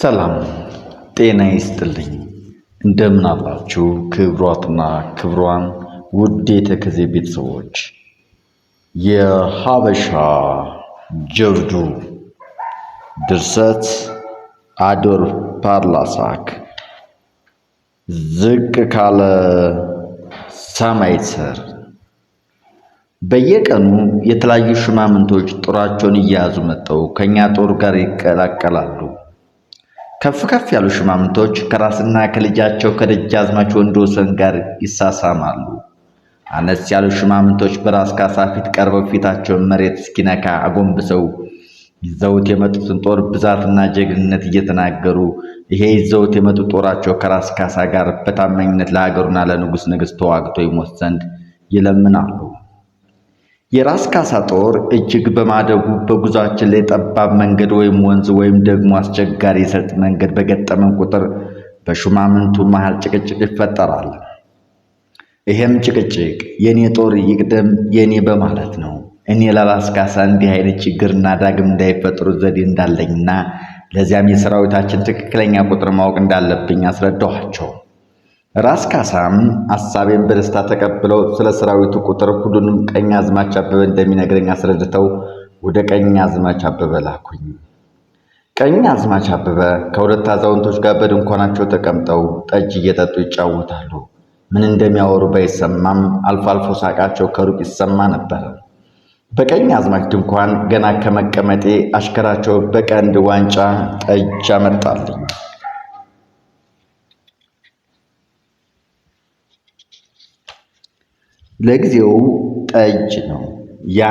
ሰላም ጤና ይስጥልኝ እንደምን አላችሁ ክብሯትና ክብሯን ውድ የተከዜ ቤተሰቦች የሀበሻ ጀብዱ ድርሰት አዶር ፓርላሳክ ዝቅ ካለ ሰማይ ስር በየቀኑ የተለያዩ ሽማምንቶች ጦራቸውን እየያዙ መጥተው ከኛ ጦር ጋር ይቀላቀላሉ። ከፍ ከፍ ያሉ ሹማምንቶች ከራስና ከልጃቸው ከደጃዝማች ወንድ ወሰን ጋር ይሳሳማሉ። አነስ ያሉ ሹማምንቶች በራስ ካሳ ፊት ቀርበው ፊታቸውን መሬት እስኪነካ አጎንብሰው ይዘውት የመጡትን ጦር ብዛትና ጀግንነት እየተናገሩ ይሄ ይዘውት የመጡ ጦራቸው ከራስ ካሳ ጋር በታማኝነት ለሀገሩና ለንጉሥ ንግሥት ተዋግቶ ይሞት ዘንድ ይለምናሉ። የራስ ካሳ ጦር እጅግ በማደጉ በጉዟችን ላይ ጠባብ መንገድ ወይም ወንዝ ወይም ደግሞ አስቸጋሪ የስርጥ መንገድ በገጠመን ቁጥር በሹማምንቱ መሃል ጭቅጭቅ ይፈጠራል። ይሄም ጭቅጭቅ የኔ ጦር ይቅደም የኔ በማለት ነው። እኔ ለራስ ካሳ እንዲህ አይነት ችግርና ዳግም እንዳይፈጥሩ ዘዴ እንዳለኝና ለዚያም የሰራዊታችን ትክክለኛ ቁጥር ማወቅ እንዳለብኝ አስረዳኋቸው። ራስ ካሳም አሳቤን በደስታ ተቀብለው ስለ ሰራዊቱ ቁጥር ሁሉንም ቀኝ አዝማች አበበ እንደሚነግረኝ አስረድተው ወደ ቀኝ አዝማች አበበ ላኩኝ። ቀኝ አዝማች አበበ ከሁለት አዛውንቶች ጋር በድንኳናቸው ተቀምጠው ጠጅ እየጠጡ ይጫወታሉ። ምን እንደሚያወሩ ባይሰማም አልፎ አልፎ ሳቃቸው ከሩቅ ይሰማ ነበር። በቀኝ አዝማች ድንኳን ገና ከመቀመጤ አሽከራቸው በቀንድ ዋንጫ ጠጅ አመጣልኝ። ለጊዜው ጠጅ ነው። ያ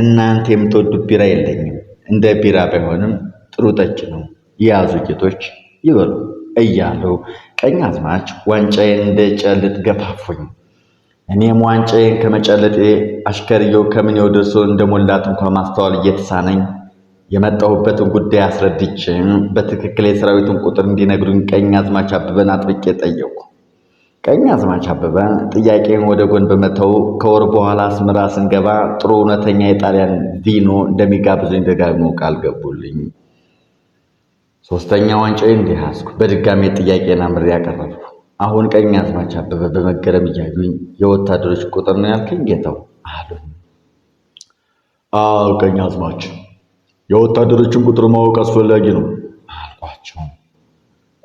እናንተ የምትወዱት ቢራ የለኝም፣ እንደ ቢራ ባይሆንም ጥሩ ጠጅ ነው፣ የያዙ ጌቶች ይበሉ እያለው ቀኝ አዝማች ዋንጫዬን እንደጨልጥ ገፋፉኝ። እኔም ዋንጫዬን ከመጨለጤ አሽከርየው ከምን ደርሶ እንደሞላት እንኳ ማስተዋል እየተሳነኝ የመጣሁበትን ጉዳይ አስረድቼ በትክክል የሰራዊቱን ቁጥር እንዲነግሩኝ ቀኝ አዝማች አበበን አጥብቄ ጠየቁ። ቀኝ አዝማች አበበ ጥያቄን ወደ ጎን በመተው ከወር በኋላ አስመራ ስንገባ ጥሩ እውነተኛ የጣሊያን ቪኖ እንደሚጋብዙኝ ደጋግሞ ቃል ገቡልኝ። ሶስተኛ ዋንጫ እንዲህ ያዝኩ። በድጋሜ ጥያቄን አምሬ ያቀረብኩ። አሁን አዝማች አበበ በመገረም እያዩኝ የወታደሮች ቁጥር ነው ያልከኝ ጌታው አሉኝ። አዎ አዝማች፣ የወታደሮችን ቁጥር ማወቅ አስፈላጊ ነው አልኳቸው።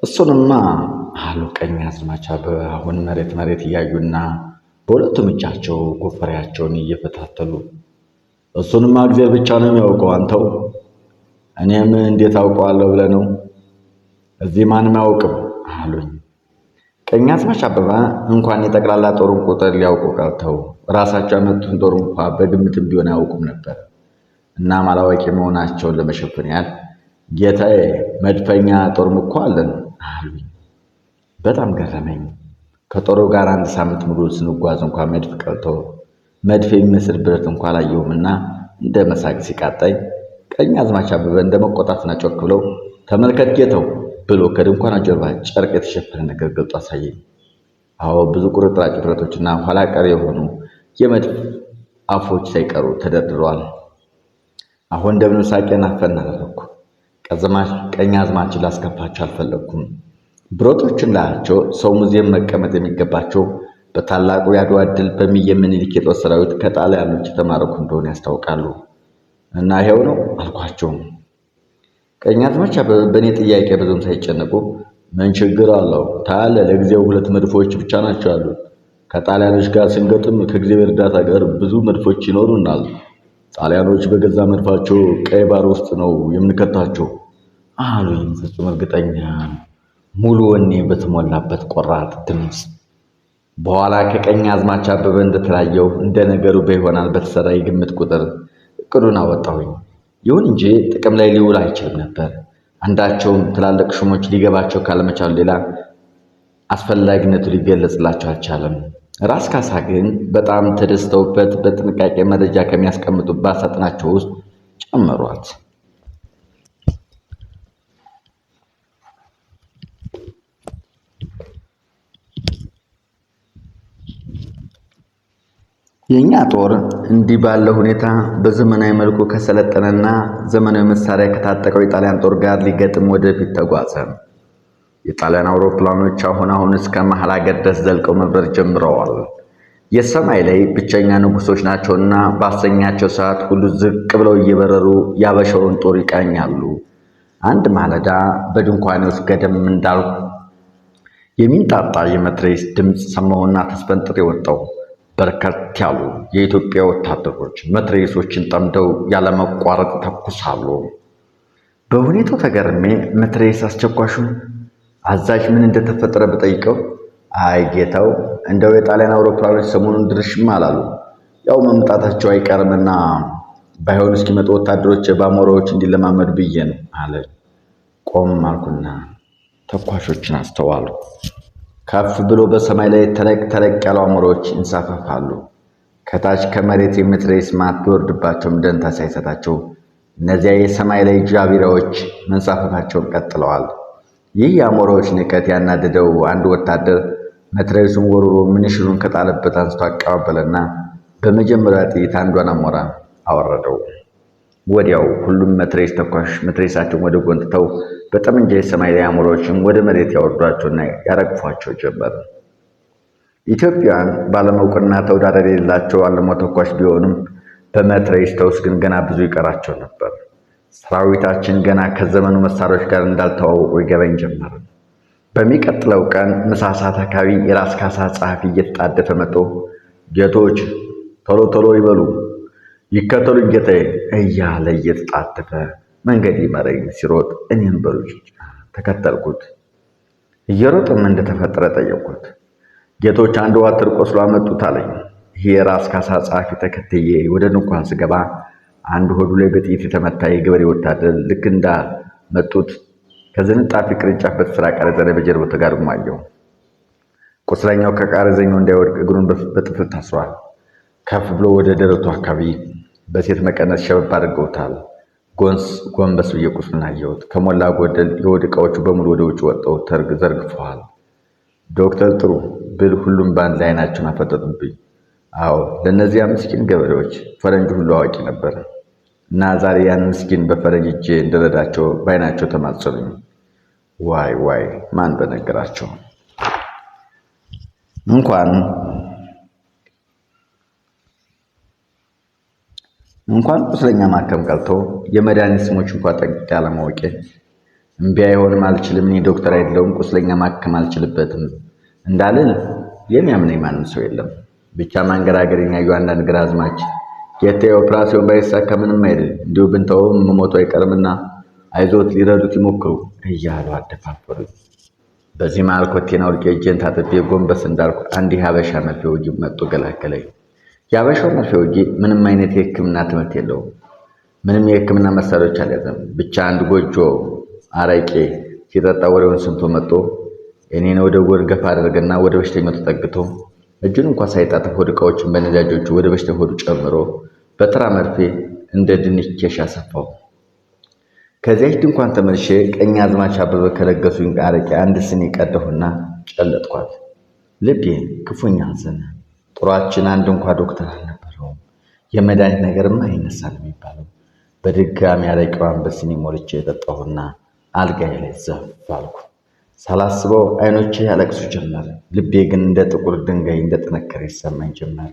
እሱንማ መሀሉ ቀኝ ያዝማቻ አበባውን መሬት መሬት እያዩና በሁለቱም እጃቸው ጎፈሬያቸውን እየፈታተሉ እሱንማ እግዜር ብቻ ነው የሚያውቀው። አንተው እኔም እንዴት አውቀዋለሁ ብለህ ነው? እዚህ ማንም አያውቅም አሉኝ። ቀኛዝማች አበባ እንኳን የጠቅላላ ጦሩን ቁጥር ሊያውቁ ቀርተው ራሳቸው ያመቱን ጦር እንኳ በግምትም ቢሆን አያውቁም ነበር። እና ማላዋቂ መሆናቸውን ለመሸፈን ያህል ጌታዬ፣ መድፈኛ ጦርም እኮ አለን አሉኝ። በጣም ገረመኝ። ከጦሩ ጋር አንድ ሳምንት ሙሉ ስንጓዝ እንኳ መድፍ ቀልቶ መድፍ የሚመስል ብረት እንኳ አላየሁምና እንደ መሳቅ ሲቃጣኝ ቀኝ አዝማች አበበ እንደ መቆጣትና ጮክ ብለው ተመልከት ጌተው ብሎ ከድንኳና ጀርባ ጨርቅ የተሸፈነ ነገር ገልጦ አሳየኝ። አዎ ብዙ ቁርጥራጭ ብረቶችና ኋላ ቀር የሆኑ የመድፍ አፎች ሳይቀሩ ተደርድረዋል። አሁን እንደምንም ሳቄን አፈን ቀኝ አዝማችን ላስከፋቸው አልፈለግኩም። ላያቸው ሰው ሙዚየም መቀመጥ የሚገባቸው በታላቁ የአድዋ ድል በሚል ምኒልክ የጦር ሰራዊት ከጣሊያኖች የተማረኩ እንደሆነ ያስታውቃሉ። እና ይሄው ነው አልኳቸውም። ቀኛዝማች በእኔ ጥያቄ ብዙም ሳይጨነቁ ምን ችግር አለው ታለ ለጊዜው ሁለት መድፎች ብቻ ናቸው አሉ። ከጣሊያኖች ጋር ስንገጥም ከእግዚአብሔር እርዳታ ጋር ብዙ መድፎች ይኖሩናል። ጣሊያኖች በገዛ መድፋቸው ቀይ ባር ውስጥ ነው የምንከታቸው አሉ ፍጹም እርግጠኛ ሙሉ ወኔ በተሞላበት ቆራጥ ድምፅ በኋላ ከቀኝ አዝማች አበበ እንደተለያየው እንደ ነገሩ በይሆናል በተሰራ የግምት ቁጥር እቅዱን አወጣሁኝ። ይሁን እንጂ ጥቅም ላይ ሊውል አይችልም ነበር። አንዳቸውም ትላልቅ ሹሞች ሊገባቸው ካለመቻሉ ሌላ አስፈላጊነቱ ሊገለጽላቸው አልቻለም። ራስ ካሳ ግን በጣም ተደስተውበት በጥንቃቄ መረጃ ከሚያስቀምጡባት ሳጥናቸው ውስጥ ጨመሯት። የእኛ ጦር እንዲህ ባለ ሁኔታ በዘመናዊ መልኩ ከሰለጠነና ዘመናዊ መሳሪያ ከታጠቀው የጣሊያን ጦር ጋር ሊገጥም ወደፊት ተጓዘ። የጣሊያን አውሮፕላኖች አሁን አሁን እስከ መሃል አገር ድረስ ዘልቀው መብረር ጀምረዋል። የሰማይ ላይ ብቸኛ ንጉሶች ናቸውና ባሰኛቸው ሰዓት ሁሉ ዝቅ ብለው እየበረሩ ያበሻውን ጦር ይቃኛሉ። አንድ ማለዳ በድንኳኔ ውስጥ ገደም እንዳልኩ የሚንጣጣ የመትረየስ ድምፅ ሰማሁና ተስፈንጥሬ ወጣሁ። በርከት ያሉ የኢትዮጵያ ወታደሮች መትረየሶችን ጠምደው ያለመቋረጥ ተኩሳሉ። በሁኔታው ተገርሜ መትረየስ አስቸኳሹ አዛዥ ምን እንደተፈጠረ ብጠይቀው አይ ጌታው፣ እንደው የጣሊያን አውሮፕላኖች ሰሞኑን ድርሽም አላሉ ያው መምጣታቸው አይቀርምና ባይሆን እስኪመጡ ወታደሮች በአሞራዎች እንዲለማመዱ ብዬ ነው አለ። ቆም አልኩና ተኳሾችን አስተዋሉ። ከፍ ብሎ በሰማይ ላይ ተለቅ ተለቅ ያሉ አሞራዎች ይንሳፈፋሉ። ከታች ከመሬት የምትሬስ ማት ቢወርድባቸውም ደንታ ሳይሰጣቸው እነዚያ የሰማይ ላይ ጃቢራዎች መንሳፈፋቸውን ቀጥለዋል። ይህ የአሞራዎች ንቀት ያናደደው አንድ ወታደር መትረየሱን ወርሮ ምንሽሉን ከጣለበት አንስቶ አቀባበለና በመጀመሪያ ጥይት አንዷን አሞራ አወረደው። ወዲያው ሁሉም መትሬስ ተኳሽ መትሬሳቸውን ወደ ጎን ትተው በጠመንጃ የሰማይ ላይ አሞራዎችን ወደ መሬት ያወርዷቸውና ያረግፏቸው ጀመር። ኢትዮጵያን ባለመውቅና ተወዳዳሪ የሌላቸው አለሞ ተኳሽ ቢሆኑም በመትረየስ ተውስ ግን ገና ብዙ ይቀራቸው ነበር። ሰራዊታችን ገና ከዘመኑ መሳሪያዎች ጋር እንዳልተዋወቁ ይገባኝ ጀመር። በሚቀጥለው ቀን ምሳ ሰዓት አካባቢ የራስ ካሳ ጸሐፊ እየተጣደፈ መጦ ጌቶች ቶሎ ቶሎ ይበሉ ይከተሉኝ ጌታዬ እያለ እየተጣደፈ መንገድ ይመረኝ ሲሮጥ እኔም በሩጫ ተከተልኩት። እየሮጥም እንደተፈጠረ ጠየቁት። ጌቶች አንድ ዋትር ቆስሎ አመጡት አለኝ። ይሄ የራስ ካሳ ጸሐፊ ተከትዬ ወደ ንኳን ስገባ አንድ ሆዱ ላይ በጥይት የተመታ የገበሬ ወታደር ልክ እንዳመጡት ከዝንጣፊ ቅርንጫፍ በተሰራ ቃሬዛ ላይ በጀርባው ተጋድሞ አየሁ። ቁስለኛው ከቃሬዘኛው እንዳይወድቅ እግሩን በጥፍር ታስሯል። ከፍ ብሎ ወደ ደረቱ አካባቢ በሴት መቀነት ሸበብ አድርገውታል። ጎንበስ ብዬ ቁስሉን አየሁት። ከሞላ ጎደል የሆድ እቃዎቹ በሙሉ ወደ ውጭ ወጥተው ዘርግፈዋል። ዶክተር ጥሩ ብል ሁሉም በአንድ ላይ አይናቸውን አፈጠጡብኝ። አዎ ለእነዚያ ምስኪን ገበሬዎች ፈረንጅ ሁሉ አዋቂ ነበር እና ዛሬ ያን ምስኪን በፈረንጅ እጄ እንደረዳቸው በአይናቸው ተማጸኑኝ። ዋይ ዋይ ማን በነገራቸው እንኳን እንኳን ቁስለኛ ማከም ቀርቶ የመድኃኒት ስሞች እንኳ ጠንቅቄ አለማወቄ እምቢ አይሆንም፣ አልችልም፣ እኔ ዶክተር አይደለሁም፣ ቁስለኛ ማከም አልችልበትም እንዳልን የሚያምነኝ ማንም ሰው የለም። ብቻ ማንገራገርን ያዩ አንዳንድ ግራ አዝማች ጌታ ኦፕራሲዮን ባይሳካ ምንም አይደል፣ እንዲሁ ብንተው መሞቱ አይቀርምና አይዞት፣ ሊረዱት ይሞክሩ እያሉ አደፋፈሩ። በዚህ መሃል ኮቴን አውልቄ እጄን ታጥቤ ጎንበስ እንዳልኩ አንድ ሀበሻ መጥቶ ገላገለኝ። የአበሻው መርፌ ወጊ ምንም አይነት የህክምና ትምህርት የለውም። ምንም የህክምና መሳሪያዎች አልያዘም። ብቻ አንድ ጎጆ አረቄ ሲጠጣ ወሬውን ስንቶ መጦ እኔን ወደ ጎን ገፋ አድርገና ወደ በሽተኛው ተጠግቶ እጁን እንኳ ሳይጣጥፍ ሆድ እቃዎችን በነጃጆቹ ወደ በሽተ ሆዱ ጨምሮ በተራ መርፌ እንደ ድንች ኬሻ ሰፋው። ከዚያች ድንኳን ተመልሼ ቀኝ አዝማች አበበ ከለገሱኝ አረቄ አንድ ስኒ ቀደሁና ጨለጥኳት። ልቤ ክፉኛ አዘነ። ጥሯችን አንድ እንኳ ዶክተር አልነበረውም። የመድኃኒት ነገርም አይነሳል የሚባለው በድጋሚ አረቂዋን በሲኒ ሞልቼ የጠጣሁና አልጋዬ ላይ ዘፍ አልኩ። ሳላስበው አይኖቼ ያለቅሱ ጀመር። ልቤ ግን እንደ ጥቁር ድንጋይ እንደጠነከረ ይሰማኝ ጀመር።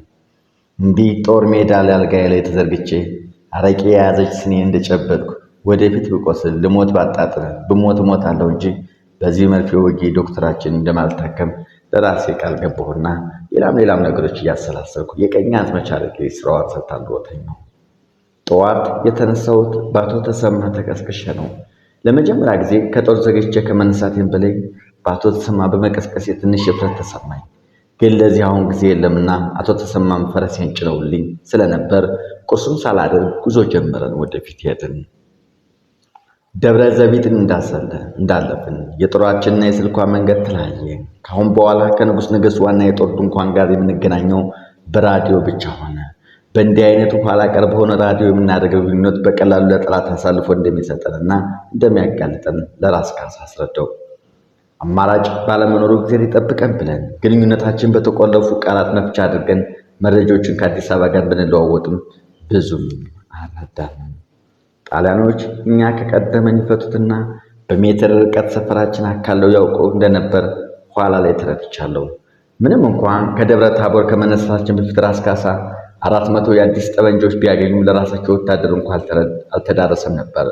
እንዲህ ጦር ሜዳ ላይ አልጋዬ ላይ ተዘርግቼ አረቄ የያዘች ስኒ እንደጨበጥኩ ወደፊት ብቆስል ልሞት ባጣጥረ ብሞት ሞት አለው እንጂ በዚህ መርፌ ወጌ ዶክተራችን እንደማልታከም ለራሴ ቃል ገባሁና ሌላም ሌላም ነገሮች እያሰላሰልኩ የቀኛት መቻለቅ ስራዋን ሰታልወተኝ ነው። ጠዋት የተነሳሁት በአቶ ተሰማ ተቀስቅሼ ነው። ለመጀመሪያ ጊዜ ከጦር ዘግቼ ከመነሳቴን በላይ በአቶ ተሰማ በመቀስቀሴ ትንሽ እፍረት ተሰማኝ። ግን ለዚህ አሁን ጊዜ የለምና አቶ ተሰማም ፈረሴን ጭነውልኝ ስለነበር ቁርሱም ሳላደርግ ጉዞ ጀመረን። ወደፊት ሄድን። ደብረ ዘቢጥን እንዳለፍን የጦራችንና የስልኳ መንገድ ተለያየ። ካሁን በኋላ ከንጉሥ ነገሥት ዋና የጦር ድንኳን ጋር የምንገናኘው በራዲዮ ብቻ ሆነ። በእንዲህ አይነቱ ኋላ ቀር በሆነ ራዲዮ የምናደርገው ግንኙነት በቀላሉ ለጠላት አሳልፎ እንደሚሰጠንና እንደሚያጋልጠን ለራስ ካሳ አስረዳው። አማራጭ ባለመኖሩ ጊዜ ሊጠብቀን ብለን ግንኙነታችን በተቆለፉ ቃላት መፍቻ አድርገን መረጃዎችን ከአዲስ አበባ ጋር ብንለዋወጥም ብዙም አልረዳንም። ጣሊያኖች እኛ ከቀደመን ይፈቱትና በሜትር ርቀት ሰፈራችን አካለው ያውቀው እንደነበር ኋላ ላይ ተረድቻለሁ። ምንም እንኳን ከደብረ ታቦር ከመነሳታችን በፊት ራስ ካሳ አራት መቶ የአዲስ ጠበንጆች ቢያገኙም ለራሳቸው ወታደር እንኳ አልተዳረሰም ነበር።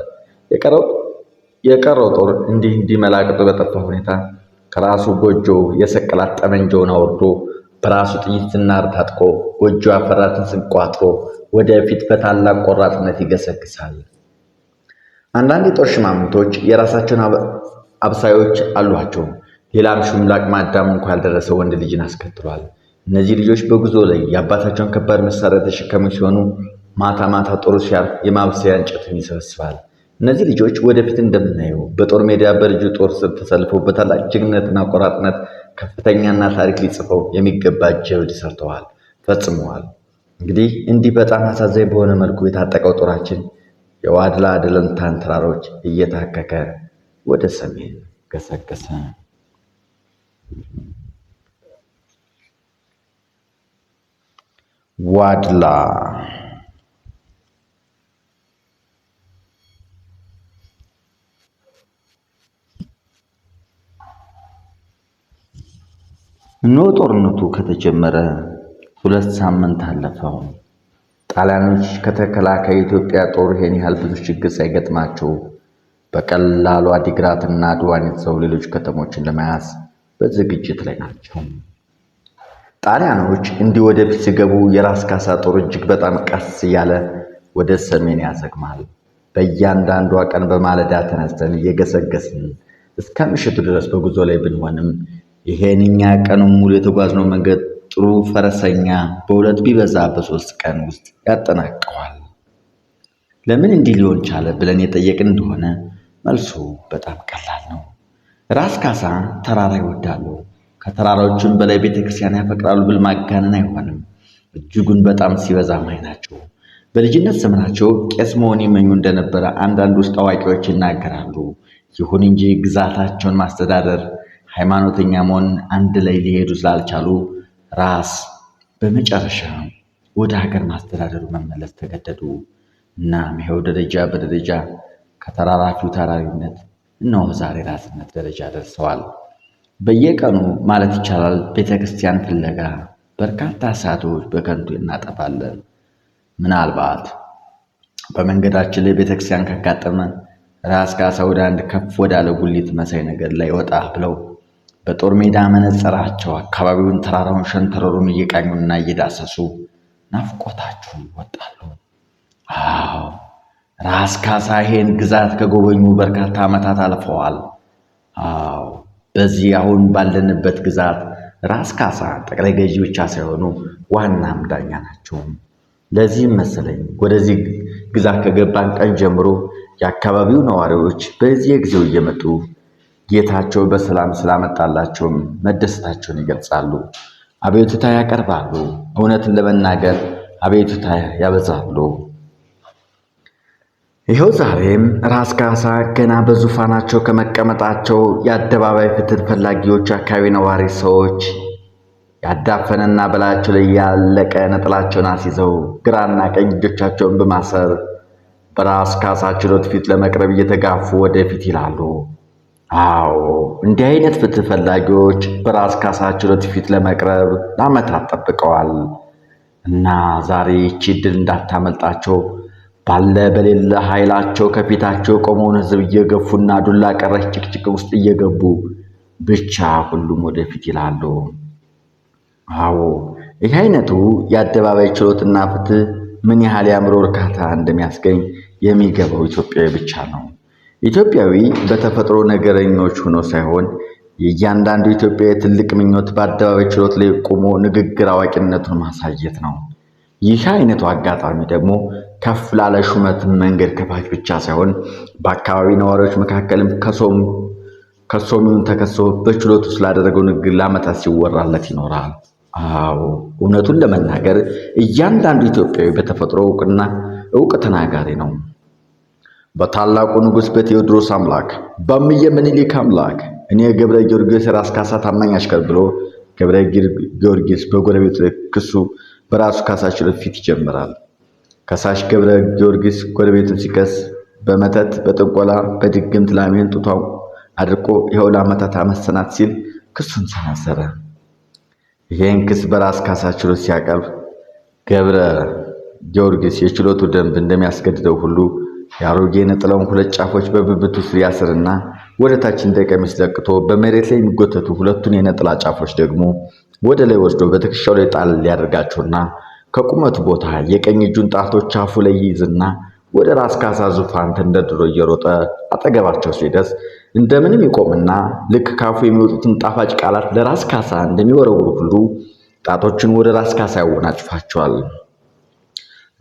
የቀረው ጦር እንዲህ እንዲመላቅጡ በጠፋ ሁኔታ ከራሱ ጎጆ የሰቀላት ጠመንጃውን አውርዶ በራሱ ጥይት ዝናር ታጥቆ ጎጆ አፈራትን ስንቋጥሮ ወደፊት በታላቅ ቆራጥነት ይገሰግሳል። አንዳንድ የጦር ሽማምንቶች የራሳቸውን አብሳዮች አሏቸው። ሌላም ሹም ለአቅመ አዳም እንኳ ያልደረሰ ወንድ ልጅን አስከትሏል። እነዚህ ልጆች በጉዞ ላይ የአባታቸውን ከባድ መሳሪያ የተሸከሙ ሲሆኑ ማታ ማታ ጦሩ ሲያርፍ የማብሰያ እንጨትን ይሰበስባል። እነዚህ ልጆች ወደፊት እንደምናየው በጦር ሜዳ በልጁ ጦር ስር ተሰልፈው በታላቅ ጀግንነትና ቆራጥነት ከፍተኛና ታሪክ ሊጽፈው የሚገባ ጀብድ ሰርተዋል፣ ፈጽመዋል። እንግዲህ እንዲህ በጣም አሳዛኝ በሆነ መልኩ የታጠቀው ጦራችን የዋድላ ደለንታን ተራሮች እየታከከ ወደ ሰሜን ገሰገሰ። ዋድላ ኖ ጦርነቱ ከተጀመረ ሁለት ሳምንት አለፈው። ጣሊያኖች ከተከላካይ የኢትዮጵያ ጦር ይሄን ያህል ብዙ ችግር ሳይገጥማቸው በቀላሉ አዲግራትና አድዋን የተሰው ሌሎች ከተሞችን ለመያዝ በዝግጅት ላይ ናቸው። ጣሊያኖች እንዲህ ወደፊት ሲገቡ የራስ ካሳ ጦር እጅግ በጣም ቀስ እያለ ወደ ሰሜን ያዘግማል። በእያንዳንዷ ቀን በማለዳ ተነስተን እየገሰገስን እስከ ምሽቱ ድረስ በጉዞ ላይ ብንሆንም ይሄንኛ ቀኑን ሙሉ የተጓዝነው መንገድ ጥሩ ፈረሰኛ በሁለት ቢበዛ በሶስት ቀን ውስጥ ያጠናቀዋል። ለምን እንዲህ ሊሆን ቻለ ብለን የጠየቅን እንደሆነ መልሱ በጣም ቀላል ነው። ራስ ካሳ ተራራ ይወዳሉ፣ ከተራራዎችም በላይ ቤተክርስቲያን ያፈቅራሉ ብል ማጋነን አይሆንም። እጅጉን በጣም ሲበዛ ማይ ናቸው። በልጅነት ዘመናቸው ቄስ መሆን ይመኙ እንደነበረ አንዳንድ ውስጥ አዋቂዎች ይናገራሉ። ይሁን እንጂ ግዛታቸውን ማስተዳደር፣ ሃይማኖተኛ መሆን አንድ ላይ ሊሄዱ ስላልቻሉ ራስ በመጨረሻ ወደ ሀገር ማስተዳደሩ መመለስ ተገደዱ። እናም ይኸው ደረጃ በደረጃ ከተራራፊው ተራሪነት እነሆ ዛሬ ራስነት ደረጃ ደርሰዋል። በየቀኑ ማለት ይቻላል ቤተ ክርስቲያን ፍለጋ በርካታ ሰዓቶች በከንቱ እናጠፋለን። ምናልባት በመንገዳችን ላይ ቤተ ክርስቲያን ራስ ካሳ ወደ አንድ ከፍ ወዳለ ጉሊት መሳይ ነገር ላይ ወጣ ብለው በጦር ሜዳ መነጽራቸው አካባቢውን፣ ተራራውን፣ ሸንተረሩን እየቃኙና እየዳሰሱ ናፍቆታቸውን ይወጣሉ። አዎ ራስ ካሳ ይሄን ግዛት ከጎበኙ በርካታ ዓመታት አልፈዋል። አዎ በዚህ አሁን ባለንበት ግዛት ራስ ካሳ ጠቅላይ ገዢ ብቻ ሳይሆኑ ዋናም ዳኛ ናቸው። ለዚህም መሰለኝ ወደዚህ ግዛት ከገባን ቀን ጀምሮ የአካባቢው ነዋሪዎች በዚህ ጊዜው እየመጡ ጌታቸው በሰላም ስላመጣላቸውም መደሰታቸውን ይገልጻሉ። አቤቱታ ያቀርባሉ። እውነትን ለመናገር አቤቱታ ያበዛሉ። ይኸው ዛሬም ራስ ካሳ ገና በዙፋናቸው ከመቀመጣቸው የአደባባይ ፍትህ ፈላጊዎች፣ አካባቢ ነዋሪ ሰዎች ያዳፈነና በላያቸው ላይ ያለቀ ነጠላቸውን አስይዘው ግራና ቀኝ እጆቻቸውን በማሰር በራስ ካሳ ችሎት ፊት ለመቅረብ እየተጋፉ ወደፊት ይላሉ። አዎ እንዲህ አይነት ፍትህ ፈላጊዎች በራስ ካሳቸው ለትፊት ለመቅረብ ለዓመታት ጠብቀዋል እና ዛሬ ይቺ ድል እንዳታመልጣቸው ባለ በሌለ ኃይላቸው ከፊታቸው የቆመውን ህዝብ እየገፉና ዱላ ቀረሽ ጭቅጭቅ ውስጥ እየገቡ ብቻ ሁሉም ወደፊት ይላሉ። አዎ ይህ አይነቱ የአደባባይ ችሎትና ፍትህ ምን ያህል የአእምሮ እርካታ እንደሚያስገኝ የሚገባው ኢትዮጵያዊ ብቻ ነው። ኢትዮጵያዊ በተፈጥሮ ነገረኞች ሆኖ ሳይሆን የእያንዳንዱ ኢትዮጵያዊ ትልቅ ምኞት በአደባባይ ችሎት ላይ ቆሞ ንግግር አዋቂነቱን ማሳየት ነው። ይህ አይነቱ አጋጣሚ ደግሞ ከፍ ላለ ሹመት መንገድ ከፋች ብቻ ሳይሆን በአካባቢ ነዋሪዎች መካከልም ከሶሚውን ተከሶ በችሎቱ ስላደረገው ንግግር ለዓመታት ሲወራለት ይኖራል። አዎ እውነቱን ለመናገር እያንዳንዱ ኢትዮጵያዊ በተፈጥሮ እውቅና እውቅ ተናጋሪ ነው። በታላቁ ንጉሥ በቴዎድሮስ አምላክ በምየ ምኒልክ አምላክ እኔ ገብረ ጊዮርጊስ ራስ ካሳ ታማኝ አሽከር ብሎ ገብረ ጊዮርጊስ በጎረቤት ክሱ በራሱ ካሳ ችሎት ፊት ይጀምራል። ከሳሽ ገብረ ጊዮርጊስ ጎረቤቱን ሲከስ በመተት በጥንቆላ በድግምት ላሜን ጡቷው አድርቆ ይኸው ለዓመታት አመሰናት ሲል ክሱን ሰናዘረ። ይህን ክስ በራስ ካሳ ችሎት ሲያቀርብ ገብረ ጊዮርጊስ የችሎቱ ደንብ እንደሚያስገድደው ሁሉ የአሮጌ ነጠላውን ሁለት ጫፎች በብብቱ ስር ያስርና ወደ ታች እንደ ቀሚስ ዘቅቶ በመሬት ላይ የሚጎተቱ ሁለቱን የነጠላ ጫፎች ደግሞ ወደ ላይ ወስዶ በትከሻው ላይ ጣል ሊያደርጋቸውና ከቁመቱ ቦታ የቀኝ እጁን ጣቶች አፉ ላይ ይይዝና ወደ ራስ ካሳ ዙፋን ተንደርድሮ እየሮጠ አጠገባቸው ሲደርስ እንደምንም ይቆምና ልክ ካፉ የሚወጡትን ጣፋጭ ቃላት ለራስ ካሳ እንደሚወረውሩ ሁሉ ጣቶችን ወደ ራስ ካሳ ያወናጭፋቸዋል።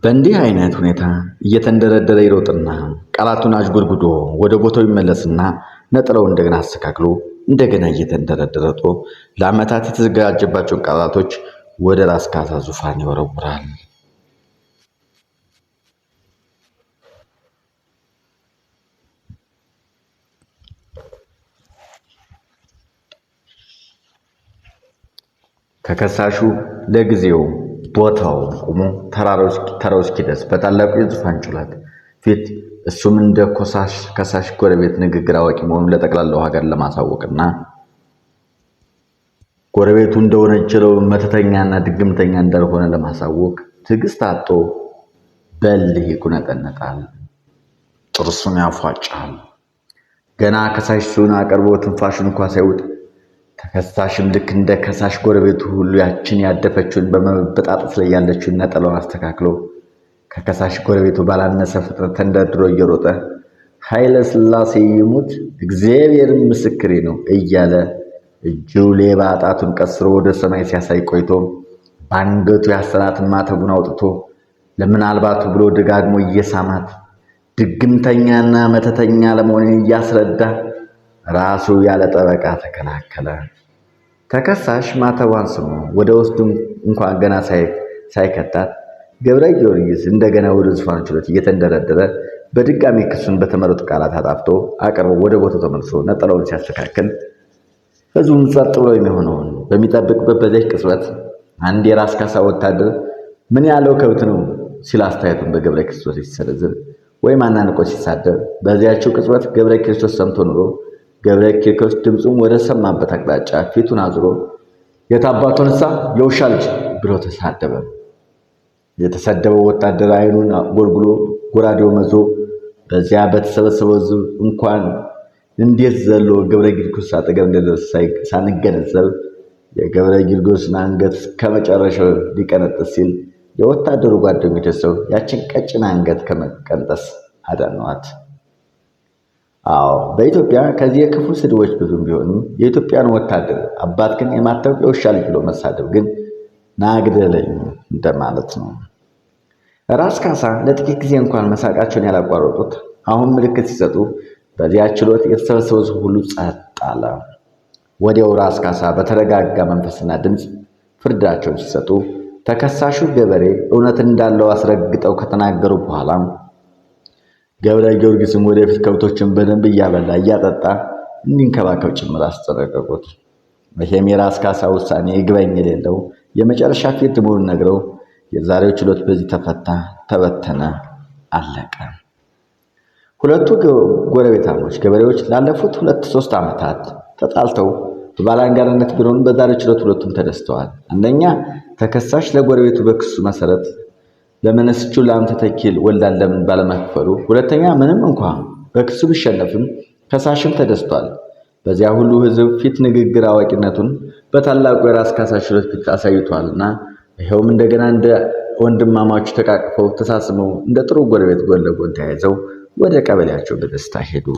በእንዲህ አይነት ሁኔታ እየተንደረደረ ይሮጥና ቃላቱን አሽጎድጉዶ ወደ ቦታው ይመለስና ነጥለው እንደገና አስተካክሎ እንደገና እየተንደረደረ ለአመታት ለዓመታት የተዘጋጀባቸውን ቃላቶች ወደ ራስ ካሳ ዙፋን ይወረውራል። ተከሳሹ ለጊዜው ቦታው ቆሞ ተራራው እስኪደርስ በታላቁ የዙፋን ጩኸት ፊት እሱም እንደ ኮሳሽ ከሳሽ ጎረቤት ንግግር አዋቂ መሆኑን ለጠቅላላው ሀገር ለማሳወቅና ጎረቤቱ እንደወነጀለው መተተኛና ድግምተኛ እንዳልሆነ ለማሳወቅ ትዕግስት አጦ በእልህ ይቁነጠነጣል፣ ጥርሱን ያፏጫል። ገና ከሳሽ ሱን አቅርቦ ትንፋሽ እንኳ ሳይውጥ ተከሳሽም ልክ እንደ ከሳሽ ጎረቤቱ ሁሉ ያችን ያደፈችውን በመበጣጠስ ላይ ያለችውን ነጠላውን አስተካክሎ ከከሳሽ ጎረቤቱ ባላነሰ ፍጥነት ተንደርድሮ እየሮጠ ኃይለ ሥላሴ ይሙት እግዚአብሔር ምስክሬ ነው እያለ እጁ ሌባ ጣቱን ቀስሮ ወደ ሰማይ ሲያሳይ ቆይቶ በአንገቱ ያሰራትን ማተቡን አውጥቶ ለምናልባቱ ብሎ ደጋግሞ እየሳማት ድግምተኛና መተተኛ ለመሆን እያስረዳ ራሱ ያለ ጠበቃ ተከላከለ። ተከሳሽ ማተቧን ስሞ ወደ ውስጡ እንኳን ገና ሳይከታት ገብረ ጊዮርጊስ እንደገና ወደ ዙፋን ችሎት እየተንደረደረ በድጋሚ ክሱን በተመረጡ ቃላት አጣፍቶ አቅርቦ ወደ ቦታው ተመልሶ ነጠላውን ሲያስተካክል ህዝቡም ጸጥ ብሎ የሚሆነውን በሚጠብቅበት በዚያች ቅጽበት አንድ የራስ ካሳ ወታደር ምን ያለው ከብት ነው ሲል አስተያየቱን በገብረ ክርስቶስ ሲሰነዝር ወይም አናንቆ ሲሳደብ በዚያቸው ቅጽበት ገብረ ክርስቶስ ሰምቶ ኑሮ ገብረ ኪርቆስ ድምፁን ወደ ሰማበት አቅጣጫ ፊቱን አዙሮ የታባቱ ንሳ የውሻ ልጅ ብሎ ተሳደበ። የተሰደበው ወታደር አይኑን ጎልጉሎ ጎራዴው መዞ በዚያ በተሰበሰበው ሕዝብ እንኳን እንዴት ዘሎ ገብረ ጊርጎስ አጠገብ እንደደረሰ ሳንገነዘብ የገብረ ኪርቆስን አንገት ከመጨረሻው ሊቀነጥስ ሲል የወታደሩ ጓደኞች ሰው ያችን ቀጭን አንገት ከመቀንጠስ አዳነዋት። አዎ በኢትዮጵያ ከዚህ የክፉ ስድቦች ብዙም ቢሆንም የኢትዮጵያን ወታደር አባት ግን የማታውቅ የውሻ ልጅ ብሎ መሳደብ ግን ናግደለኝ እንደማለት ነው። ራስ ካሳ ለጥቂት ጊዜ እንኳን መሳቃቸውን ያላቋረጡት አሁን ምልክት ሲሰጡ በዚያ ችሎት የተሰበሰቡት ሁሉ ጸጥ አለ። ወዲያው ራስ ካሳ በተረጋጋ መንፈስና ድምፅ ፍርዳቸውን ሲሰጡ ተከሳሹ ገበሬ እውነት እንዳለው አስረግጠው ከተናገሩ በኋላም ገብረ ጊዮርጊስም ወደፊት ከብቶችን በደንብ እያበላ እያጠጣ እንዲንከባከብ ጭምር አስጠነቀቁት። ይሄም የራስ ካሳ ውሳኔ ይግባኝ የሌለው የመጨረሻ ፊት መሆኑን ነግረው የዛሬው ችሎት በዚህ ተፈታ፣ ተበተነ፣ አለቀ። ሁለቱ ጎረቤታሞች ገበሬዎች ላለፉት ሁለት ሶስት ዓመታት ተጣልተው በባላንጋርነት ቢሆኑም በዛሬው ችሎት ሁለቱም ተደስተዋል። አንደኛ ተከሳሽ ለጎረቤቱ በክሱ መሰረት ለመነስቹ ላም ተተኪል ወልዳን ለምን ባለመክፈሉ፣ ሁለተኛ ምንም እንኳ በክሱ ቢሸነፍም ከሳሽም ተደስቷል። በዚያ ሁሉ ህዝብ ፊት ንግግር አዋቂነቱን በታላቁ የራስ ካሳ ችሎት ፊት አሳይቷልና ይኸውም እንደገና እንደ ወንድማማቹ ተቃቅፈው ተሳስመው እንደ ጥሩ ጎረቤት ጎን ለጎን ተያይዘው ወደ ቀበሌያቸው በደስታ ሄዱ።